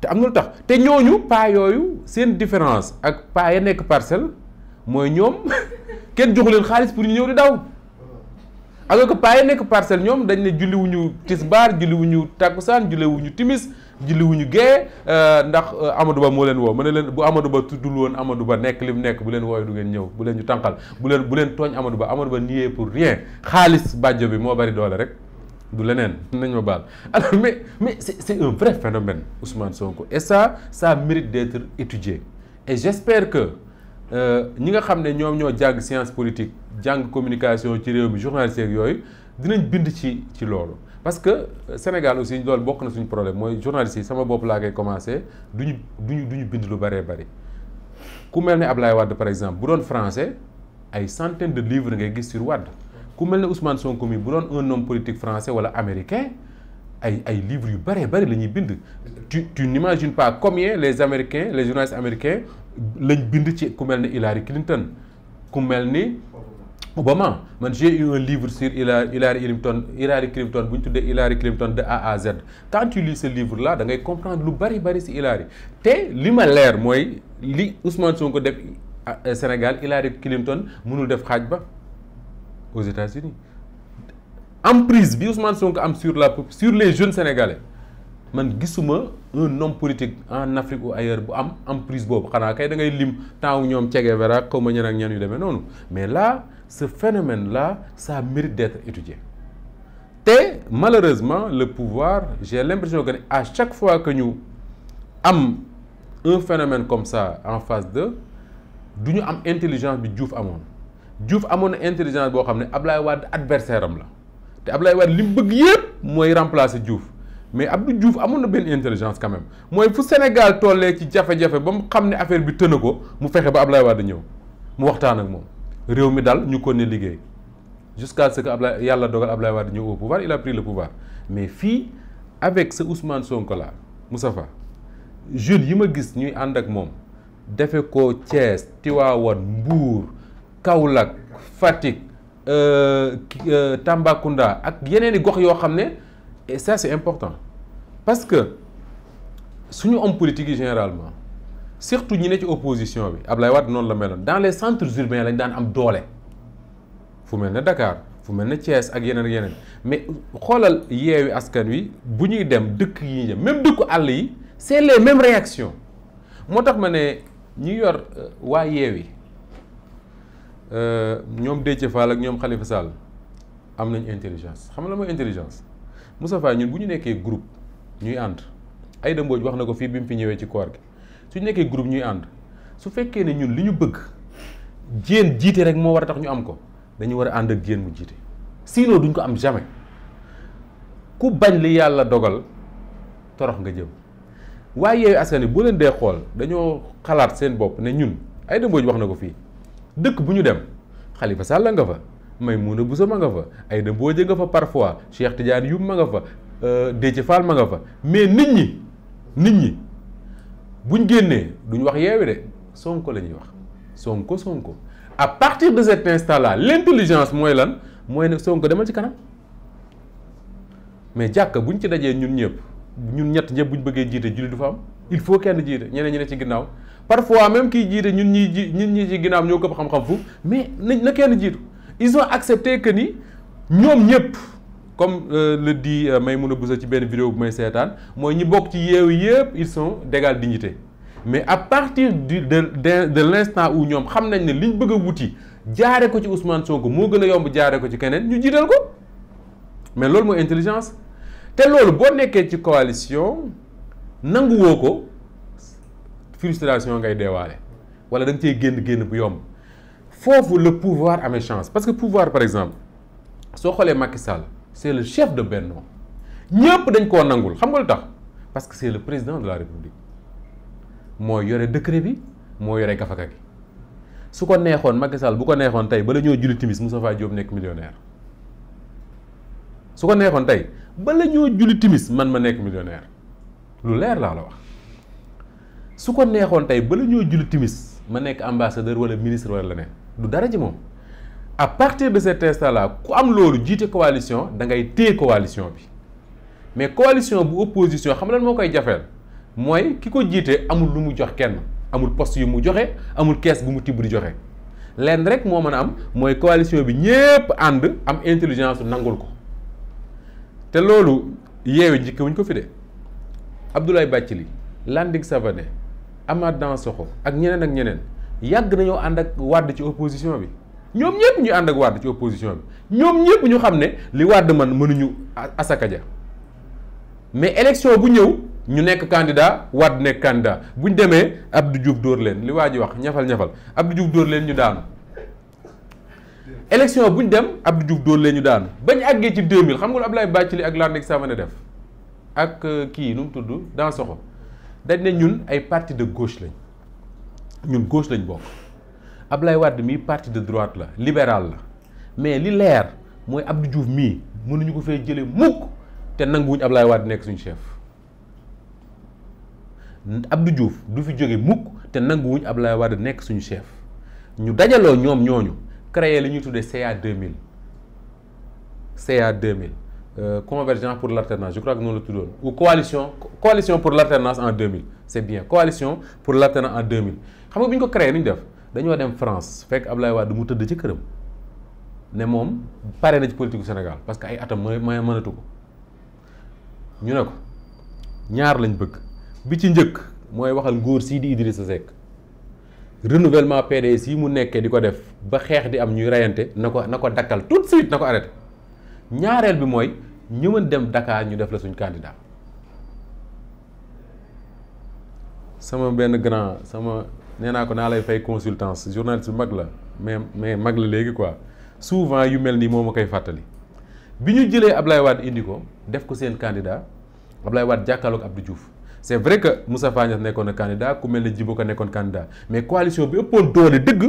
te am na lu tax te ñooñu pas yooyu seen différence ak pas ya nekk parcelle mooy ñoom kenn joxu leen xaalis pour ñu ñëw di daw. Ah. alors que pas ya nekk parcelle ñoom dañ ne julliwuñu tisbaar julliwuñu takkusaan julliwuñu timis. julliwuñu gee euh, ndax euh, Amadou Ba moo leen woo mën ne leen bu Amadou Ba dul woon amadu Ba nekk li mu nekk bu leen wooyee du ngeen ñëw bu leen ñu tànqal bu leen bu leen tooñ Amadou Ba Amadou Ba nié pour rien xaalis bàjjo bi moo bari doole rek du leneen nañ ma baal alors mais mais c'est c'est un vrai phénomène Ousmane Sonko et ça ça mérite d'être étudié et j'espère que euh, ñi nga xam ne ñoom ñoo jàng science politique jàng communication ci réew mi journalistique yooyu dinañ bind ci ci loolu parce que euh, Sénégal aussi loolu bokk na suñu problème mooy journaliste yi sama bopp laa koy commencé ñu duñu duñu bind lu bëree bëri ku mel ni ne Ablaye Wade par exemple bu doon français ay centaines de livres ngay gis sur Wade ku mel ni Ousmane Sonko mi bu doon un homme politique français wala américain ay ay livres yu bëree bëri la ñuy bind tu tu n'imagines pas combien les américains les journalistes américains lañ bind ci ku mel ne Hillary Clinton ku mel ni Obama man j'ai eu un livre sur Hillary Hillary Clinton Hillary Clinton bu ñu tuddee Hillary Clinton de A à Z quand tu lis ce livre là da ngay comprendre lu bari bari ci Hillary te li ma leer mooy li Ousmane Sonko def euh, Sénégal Hillary Clinton mënul def xaaj ba aux États-Unis emprise bi Ousmane Sonko am sur la sur les jeunes sénégalais. man gisuma un homme politique en Afrique ou ailleurs bu am emprise boobu xanaa kay da ngay lim temps ñoom Che Guevara xaw ma ñan ak ñan yu demee noonu mais là ce phénomène là ça mérite d'être étudié te malheureusement le pouvoir j'ai l'impression que ne à chaque fois que ñu am un phénomène comme ça en face de du ñu am intelligence bi Diouf amoon Diouf amoon na intelligence boo xam ne Ablaye Wade adversaire am la te ab Wade li lim bëgg yépp mooy remplacer juuf mais Abdou Diouf amoon na benn intelligence quand mooy fu Sénégal tollee ci jafe-jafe ba mu xam ne affaire bi tëna ko mu fexe ba ab lay waa Wade ñëw mu waxtaan ak moom réew mi dal ñu ko ne liggéey jusqu'à ce que Ablaye yàlla dogal Ablaye Wade ñëw au pouvoir il a pris le pouvoir mais fii avec ce Ousmane Sonko là Moustapha jeunes yi ma gis ñuy ànd ak moom defe ko Thiès Tivaouane Mbour Kaolack Fatick euh, euh, Tambacounda ak yeneen i gox yoo xam ne et ça c'est important parce que suñu homme politique yi généralement surtout ñi ne ci opposition bi Ablaye Wade noonu la meloon dans les centre urbains lañ daan am doole fu mel ne dakaar fu mel ne Thiès ak yeneen yeneen mais xoolal yeewi askan wi bu ñuy dem dëkk yi ñu même dëkku àll yi c'est les mêmes réactions moo tax ma ne ñu yor euh, waa yeewi euh, ñoom Déthié Fall ak ñoom Khalifa Sall am nañ intelligence xam nga la mooy intelligence Moussa Faye ñun bu ñu nekkee groupe. ñuy ànd Aïda Mbodj wax na ko fii bi mu fi ñëwee ci koor gi su ñu nekkee groupe ñuy ànd su fekkee ne ñun li ñu bëgg jéen jiite rek moo war a tax ñu am ko dañu war a ànd ak jéen mu jiite sinon duñ ko am jame ku bañ li yàlla dogal torox nga jëm waaye yeewu askan wi bu leen dee xool dañoo xalaat seen bopp ne ñun Aïda Mbodj wax na ko fii dëkk bu ñu dem Khalifa Sall nga fa may Maymouna Bousso ma nga fa Aïda Mbodj nga fa parfois Cheikh tijaan Youm ma nga fa Euh, Déthié Fall ma nga fa mais nit ñi nit ñi buñ génnee ñu wax yeewi de Sonko la ñuy wax Sonko Sonko à partir de cet instant là l'intelligence mooy lan mooy nag Sonko demal ci kanam mais jàkka buñ ci dajee ñun ñëpp ñun ñett bu buñ bëggee jiite julli du fa am il faut kenn jiite ñeneen ñu ne ci ginnaaw parfois même kii jiite ñun ñi ji ñun ñii ci ginnaaw ñoo ko xam-xam fu mais na na kenn jiitu ils ont accepté que ni ñoom ñëpp. comme euh, le dit euh, Maïmouna Bousso ci benn vidéo bu may seetaan mooy ñi bokk ci yeewu yëpp ils sont d'égale dignité mais à partir du de de de l'instant où ñoom xam nañ ne ñu bëgg a wuti jaare ko ci Ousmane Sonko moo gën a yomb jaare ko ci keneen ñu jiital ko mais loolu mooy intelligence te loolu boo nekkee ci coalition nanguwoo ko frustration ngay deewaale wala dañ nga cey génn génn bu yomb foofu le pouvoir amee chance parce que pouvoir par exemple soo xoolee Macky c'est le chef de Benno ñëpp dañ koo nangul xam nga lu tax parce que c'est le président de la République moo yore décret bi moo yore gafaka gi su ko neexoon Macky Sall bu ko neexoon tey bala ñoo julli timis Moustapha Diop nekk millionnaire su ko neexoon tey bala ñoo julli timis man ma nekk millionnaire lu leer laa la wax su ko neexoon tey bala ñoo julli timis ma nekk ambassadeur wala ministre wala leneen du dara ji moom. à partir de cet instant là ku am loolu jiite coalition da ngay téye coalition bi mais coalition bu opposition xam lan moo koy jafeel mooy ki ko jiite amul lu mu jox kenn amul post yu mu joxe amul kees bu mu tibb di joxe lenn rek moo mën a am mooy coalition bi ñépp ànd am intelligence nangul ko te loolu yeewe njëkk wuñ ko fi de Abdoulaye li Landing Savané Amath Dansokho ak ñeneen ak ñeneen yàgg nañoo ànd ak wàdd ci opposition bi. ñoom ñëpp ñu ànd ak Wade ci opposition bi ñoom ñëpp ñu xam ne li Wade man mënuñu asaka ja mais élection bu ñëw ñu nekk candidat Wade nekk candidat bu ñu demee du Diouf dóor leen li waa ji wax ñafal ñafal Abdou Diouf dóor leen ñu daanu. élection bu ñu dem Abdou Diouf dóor leen ñu daanu bañ àggee ci 2000 xam nga lu Abdoulaye Bathily ak Landing Savané def ak euh, kii nu mu tudd soxo dañ ne ñun ay parti de gauche lañ ñun gauche lañ bokk. Ablaye Wade mii parti de droite la libéral la mais li leer mooy Abdou Diouf mii mënuñu ko fee jëlee mukk te nanguwuñ Ablaye Wade nekk suñu chef Abdou Diouf du fi jóge mukk te nanguwuñ Ablaye Wade nekk suñu chef ñu dajaloo ñoom ñooñu créer li ñuy tuddee CA 2000 CA 2000 euh, convergence pour l'alternance je crois que noonu la tuddoon ou coalition coalition pour l'alternance en 2000 c'est bien coalition pour l'alternance en 2000 xam nga bi ñu ko créer ni ñu def. dañoo dem France fekk waa du mu tëdd ci këram ne moom pare na ci politique Sénégal parce que ay atam may mënatu ko ñu ne ko ñaar lañ bëgg bi ci njëkk mooy waxal nguur sii di Idrissa Seck renouvellement PDS sii mu nekkee di ko def ba xeex di am ñuy reyante na ko na ko dakkal tout de na ko arrêté ñaareel bi mooy ñu dem dakaar ñu def la suñ candidat sama benn grand sama nee naa ko naa lay fay consultance journaliste bu mag la mais mais mag la léegi quoi souvent yu mel nii moo ma koy fàttali. bi ñu jëlee Ablaye Wade indi ko def ko seen candidat lay Wade jàkkaarloog ab du c' est vrai que Moustapha Niasse nekkoon na candidat ku mel ne Djibo ko nekkoon candidat mais coalition bi ëppoon doole dëgg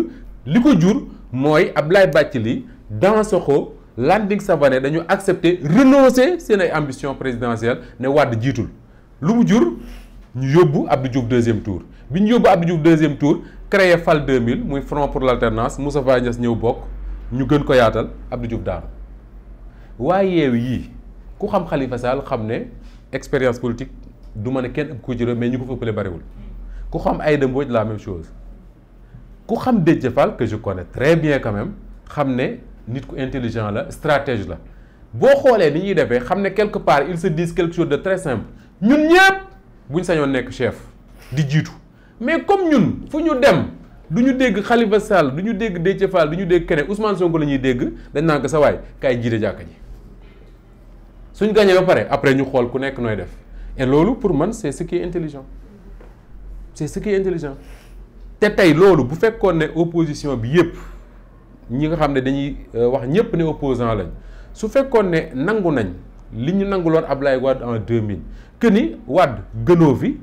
li ko jur mooy ab Ablaye Bathily Dansokho Landing Savané dañu accepter renoncer seen ay ambition présidentielle ne Wade jiitul lu mu jur. ñu yóbbu Abdou Diouf deuxième tour bi ñu yóbbu ab Abdou Diouf deuxième tour créé FAL 2000 muy front pour l' alternance Moustapha Niasse ñëw bokk ñu gën ko yaatal Abdou Diouf daanu waaye yeew yii ku xam Khalifa Sall xam ne expérience politique du ma ne kenn ëpp ko ci mais ñu ko fa ëppale bariwul ku xam ay Aïda Mbodj la même chose ku xam Déthié Fall que je connais très bien quand même xam ne nit ku intelligent la stratège la boo xoolee ni ñuy defee xam ne quelque part ils se disent quelque de très simple bu buñ sañoon nekk chef di jiitu mais comme ñun fu ñu dem du ñu dégg Khalifa Sall du ñu dégg Déthié Fall du ñu dégg keneen Ousmane Sonko la ñuy dégg dañ naan ko sa waay kaay jiite jàkka ji suñ gagné ba pare après ñu xool ku nekk nooy def et loolu pour man c'est ce qui est intelligent c'est ce qui est intelligent te tey loolu bu fekkoon ne opposition bi yépp ñi nga xam ne dañuy euh, wax ñépp ne opposant lañ su fekkoon ne nangu nañ li ñu nanguloon Ablaye Wade en 2000 que ni Wade gënoo fi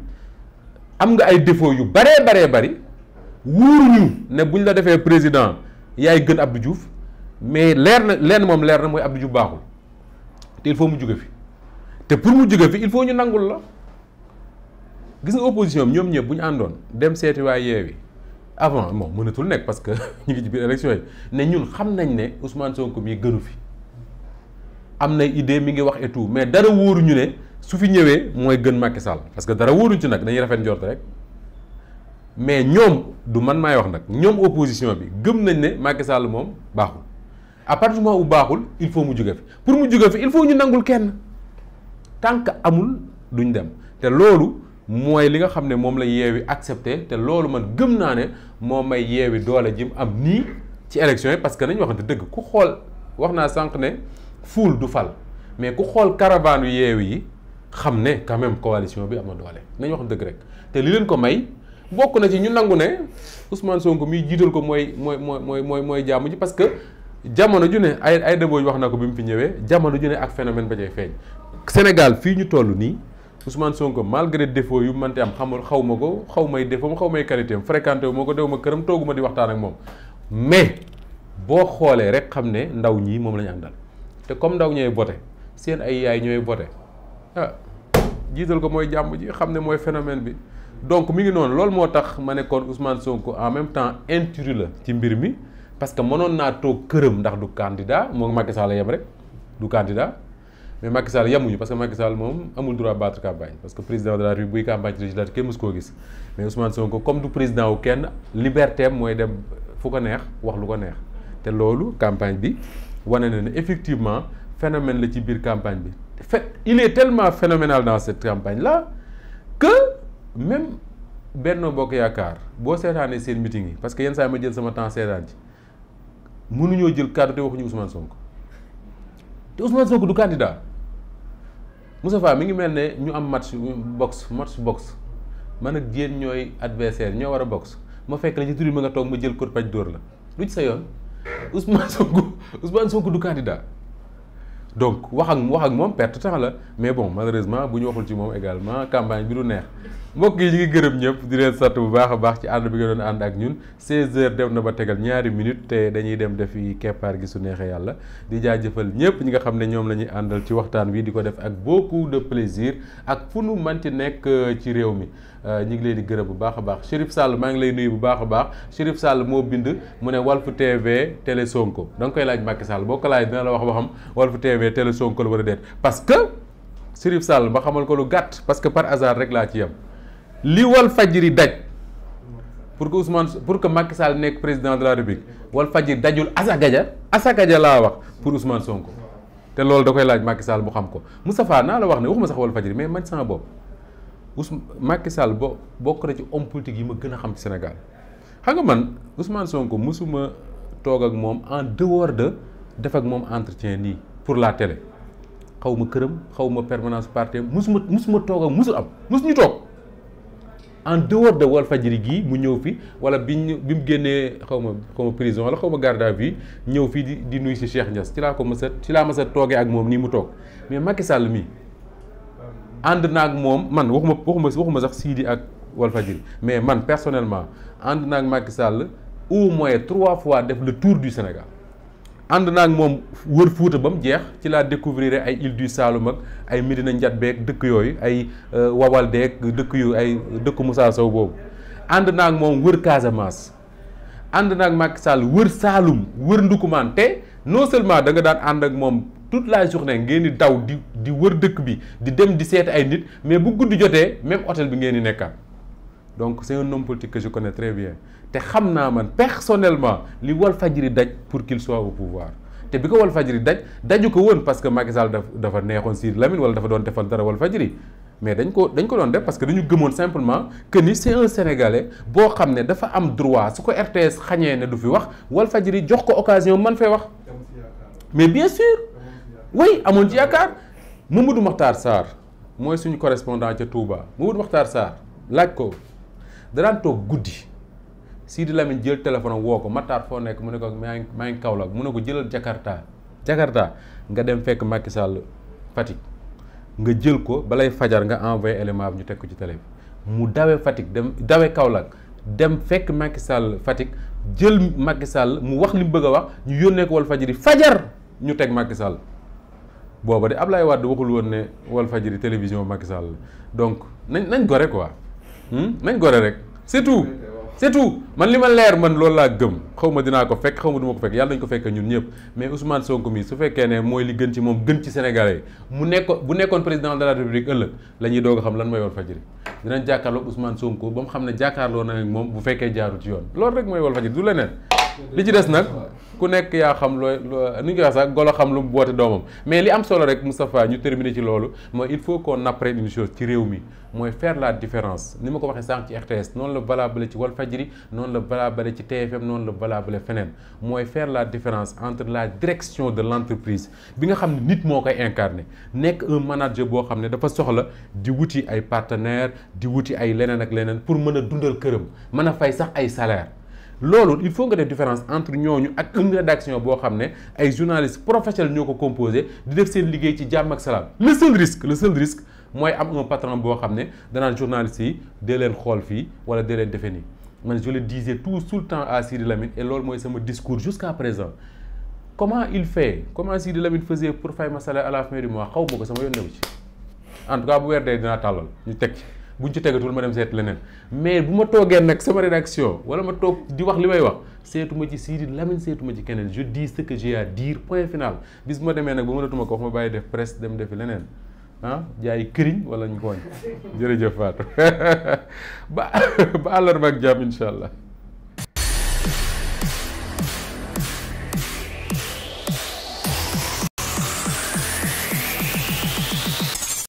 am nga ay défauts yu bare baree bari wuuruñu ne buñ la defee président yaay gën Abdou Diouf mais leer na leen moom leer na mooy Abdou Diouf baaxul te il faut mu jóge fi te pour mu jóge fi il faut ñu nangul la gis nga opposition bi ñoom ñëpp bu ñu àndoon dem seeti waa Yewwi avant bon mënatul nekk parce que ñu ngi ci biir élection yi ne ñun xam nañ ne Ousmane Sonko mii gënu fi am na idée mi ngi wax et tout mais dara ñu ne. su fi ñëwee mooy gën Macky parce que dara wóoruñ ci nag dañuy rafet njort rek mais ñoom du man maay wax nag ñoom opposition bi gëm nañ ne Macky Sall moom baaxul à partir du moment baaxul il faut mu jóge fi pour mu jóge fi il faut ñu nangul kenn tant que amul duñ dem te loolu mooy li nga xam ne moom la yeewi accepté te loolu man gëm naa ne moo may yeewi doole jim am nii ci élection yi parce que nañ waxante dëgg ku xool wax naa sànq ne fuul du fal mais ku xool caravane yu yi xam ne quand même coalition bi am na doole nañu wax dëgg rek te li leen ko may bokk na ci ñu nangu ne Ousmane Sonko mii jiital ko mooy mooy mooy mooy mooy jàmm ji parce que jamono ju ne ay ay dëbëj wax na ko bi mu fi ñëwee jamono ju ak phénomène ba cay feeñ. Sénégal fii ñu toll nii Ousmane Sonko malgré défaut yu mante am xamul xaw ma ko xaw may défaut ma xaw may qualité am fréquenté wu ma ko dew ma këram toogu ma di waxtaan ak moom mais boo xoolee rek xam ne ndaw ñii moom la ñu àndal te comme ndaw ñooy bote seen ay yaay ñooy bote. ah jiital ko mooy jàmm ji xam ne mooy phénomène bi donc mi ngi noonu loolu moo tax ma nekkoon kon Ousmane Sonko en même temps intrus la ci mbir mi parce que mënoon naa toog këram ndax du candidat moom Macky yem rek du candidat mais Macky Sall yemuñu parce que Macky moom amul droit battre campagne parce que président de la République buy campagne législative kenn mës koo gis mais Ousmane Sonko comme du président wu kenn liberté mooy dem fu ko neex wax lu ko neex te loolu campagne bi wane na ne effectivement phénomène la ci biir campagne bi. fait il est tellement phénoménal dans cette campagne là que même Benno Bokk Yaakaar boo seetaanee seen meeting yi parce que yenn saa ma jël sama temps seetaan ci mënuñoo jël kàddu te waxuñu Ousmane Sonko te Ousmane Sonko du candidat Moustapha mi ngi mel ne ñu am match box match box man ak jéen ñooy adversaire ñoo war a box ma fekk la ci tur bi ma nga toog ma jël kurpañ dóor la lu ci sa yoon Ousmane Sonko Ousmane Sonko du candidat donc wax ak wax ak moom perte temps la mais bon malheureusement bu ñu waxul ci moom également campagne bi du neex mbokk yi ñu ngi gërëm ñëpp di leen sant bu baax a baax ci ànd bi nga doon ànd ak ñun 16h dem na ba tegal ñaari minutes te dañuy dem dafi keppaar gi su neexee yàlla di jaajëfal ñëpp ñi nga xam ne ñoom la ñuy àndal ci waxtaan wi di ko def ak beaucoup de plaisir ak fu nu manti nekk euh, ci réew mi. Euh, ñi ngi leen di gërëm bu baax a baax Chérif Sall maa ngi lay nuyu bu baax a baax Chérif Sall moo bind mu ne Walf TV télé Sonko da nga koy laaj Macky Sall boo ko laaj dina la wax ba xam Walf TV télé Sonko la war a deet parce que Chérif Sall ma xamal ko lu gàtt parce que par hasard rek laa ci yem li faj Fadjri daj pour que Ousmane pour que makki Sall nekk président de la République Walf Fadjri dajul asagaja asagaja laa wax pour Ousmane Sonko te lool da koy laaj Macky Sall bu xam ko Moustapha naa la wax ne waxuma sax Walf Fadjri mais man sama bopp Ousmane Macky Sall bo bokk na ci homme politique yi ma gën a xam ci Sénégal xam nga man Ousmane Sonko mosuma toog ak moom en dehors de def ak moom entretien nii pour la télé xaw ma këram xaw ma permanence parti mosuma mosuma toog ak mosul am mosu ñu toog en dehors de Walfadjri gii mu ñëw fii wala biñ bi mu génnee xaw ma xaw ma prison wala xaw ma garde à ñëw fii di di nuyu si Cheikh Niass ci laa ko mës a ci laa mës a toogee ak moom nii mu toog mais Macky Sall mii. ànd naag moom man waxuma waxuma waxuma sax Sidi ak Walfadjri mais man personnellement ànd naag Macky Sall au moins trois fois def le tour du Sénégal ànd naag moom wër Fuuta ba mu jeex ci laa découvrir ay île du Saloum ak ay Medina Njatbeeg dëkk yooyu ay euh, Wawaldeeg dëkk yu ay dëkk Moussa Sow boobu ànd naag moom wër Casamance ànd naag Macky Sall wër Saloum wër Ndukumaan te non seulement da nga daan ànd ak moom. toute la journée ngeen di daw di di wër dëkk bi di dem di seeti ay nit mais bu guddi jotee même hôtel bi ngeen di nekka donc c'est un homme politique que je très bien te xam naa man personnellement li Walfadjri daj pour qu'il soit au pouvoir te bi ko Walfadjri daj daju ko woon parce que Macky Sall dafa neexoon Sidy Lamine wala dafa doon defal dara Walfadjri mais dañ ko dañ ko doon def parce que dañu gëmoon simplement que ni c'est un sénégalais boo xam ne dafa am droit su ko RTS xañee ne du fi wax Walfadjri jox ko occasion man fay wax way amoon ci yaakaar Mamadou Makhtar Sarr mooy suñu correspondant ca Touba Mamadou Makhtar Sarr laaj ko danaan toog guddi Sidi Lamine jël téléphone woo ko Makhtar foo nekk mu ne ko maa ngi maa ngi Kaolack mu ne ko jëlal Jakarta Jakarta nga dem fekk Macky Sall Fatick nga jël ko balay fajar nga envoyé élément bi ñu teg ko ci télé bi mu dawe Fatick dem dawe Kaolack dem fekk Macky Sall Fatick jël Macky Sall mu wax li mu bëgg a wax ñu yónnee ko Walfadjri fajar ñu teg Macky Sall booba de Ablaye Wade waxul woon ne Walfadjri télévision Macky Sall la donc nañ nañ gore quoi hmm? nañ gore rek c'est tout c'est tout man li ma leer man loolu laa gëm xaw ma dinaa ko fekk xaw ma du ma ko fekk yàlla nañu ko fekk ñun ñëpp mais Ousmane Sonko mi su fekkee ne mooy li gën ci moom gën ci Sénégalais mu nekkoon bu nekkoon président de la République ëllëg la ñuy doog a xam lan mooy Walfadjri dinañ jàkkaarloog Ousmane Sonko ba mu xam ne jàkkaarloo na ak moom bu fekkee jaarul ci yoon loolu rek mooy Walfadjri du leneen li ci des nag. ku nekk yaa xam looy nu ñu koy wax sax golo xam lu mu boote doomam mais li am solo rek Moustapha ñu terminer ci loolu mooy il faut qu'on après une chose ci réew mi mooy faire la différence ni ma ko waxee sànq ci noonu la valable ci Walfadjri noonu la valable ci TFM noonu la valable feneen mooy faire la différence entre la direction de l'entreprise bi nga xam ne nit moo koy incarner nekk un manager boo xam ne dafa soxla di wuti ay partenaires di wuti ay leneen ak leneen pour mën a dundal këram mën a fay sax ay salaire loolu il faut nga def différence entre ñooñu ak une rédaction boo xam ne ay journalistes professionnels ñoo ko composé di def seen liggéey ci jàmm ak salaam le seul risque le seul risque mooy am un patron boo xam ne danaa journalistes yi dee leen xool fii wala dee leen defe nii man je le disais tout tout le temps à Sidi Lamine et loolu mooy sama discours jusqu'à présent comment il fait comment Sidi Lamine faisait pour fay ma salaire à la fin du mois xaw ma ko sama yoon newu ci ñu teg ci buñ ci tegatul ma dem seet leneen mais bu ma toogee nag sama rédaction wala ma toog di wax li may wax seetuma ci Sidi Lamine seetuma ci keneen je dis ce que j'ai à dire point final bis bu ma demee nag ba mënatuma ko wax ma bàyyi def presse dem defi leneen ah jaay këriñ wala ñu ko wañ jërëjëf Fatou ba ba àllarba ak jàmm incha allah.